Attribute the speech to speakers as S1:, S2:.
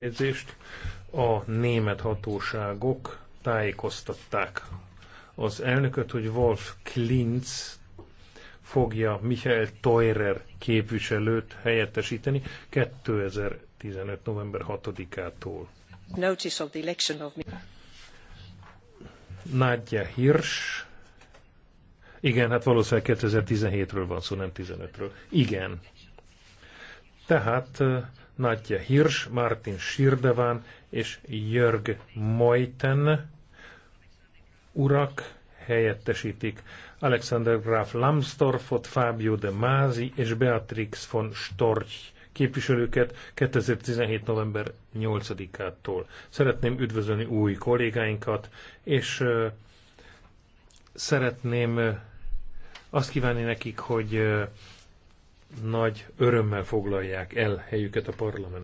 S1: Érzést a német hatóságok tájékoztatták az elnököt, hogy Wolf Klintz fogja Michael Teurer képviselőt helyettesíteni 2015. november 6-ától.
S2: Notice of the election of...
S1: Nadja Hirsch. Igen, hát valószínűleg 2017-ről van szó, nem 15-ről. Igen. Tehát Nadja Hirsch, Martin Sirdeván és Jörg Mojten urak helyettesítik Alexander Graf Lambsdorffot, Fábio de Mázi és Beatrix von Storch képviselőket 2017. november 8-ától. Szeretném üdvözölni új kollégáinkat, és szeretném azt kívánni nekik, hogy nagy örömmel foglalják el helyüket a parlamentben.